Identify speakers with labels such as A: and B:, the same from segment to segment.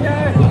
A: जाए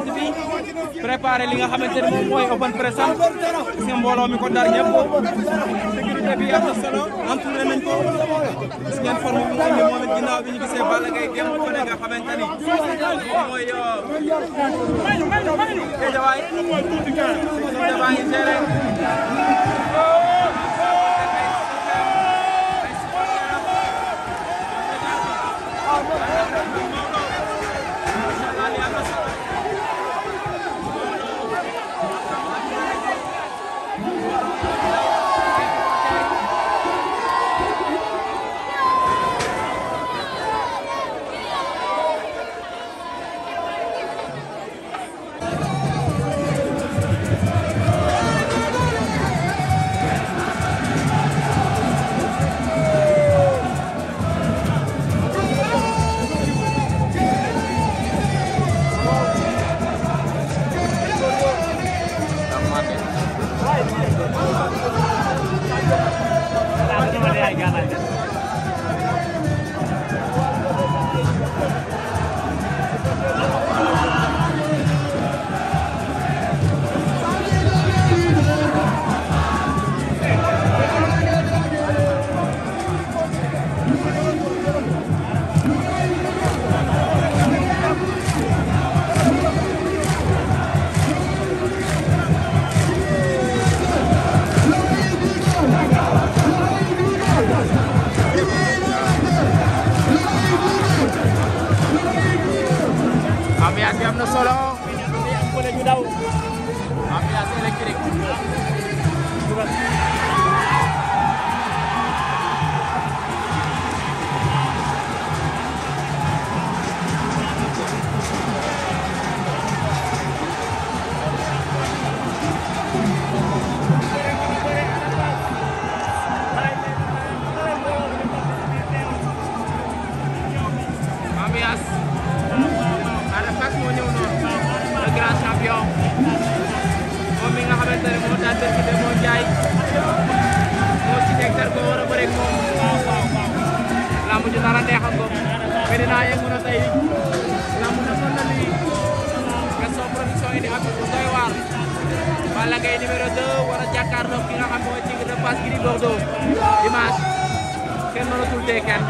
A: tent bi préparé li nga xamante ne moom mooy open press si mbooloo mi ko dar ñëpp sécurité bi am na solo entouré nañ ko gis ngeen forme bi nga xam ne moom it ginnaaw bi ñu gisee Balla Gaye dem ko ne nga xamante ni moom mooy euh, Géejawaay Géejawaay géré am na solo Sera champion moom mi nga xamante ne moo daal dëkk bi moo jaay moo ci nekk dara ko war a bëreeg moom lamb ji dara neexal ko Medina yëngu na tey lamb na mën na lii Gaston production yi di am bu doy waar Balla Gaye numéro 2 war a jàkkaarloo ki nga xam mooy ci de passe gi di Bordeaux dimanche kenn mënatul tee kenn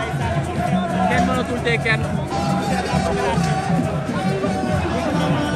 A: kenn mënatul tee kenn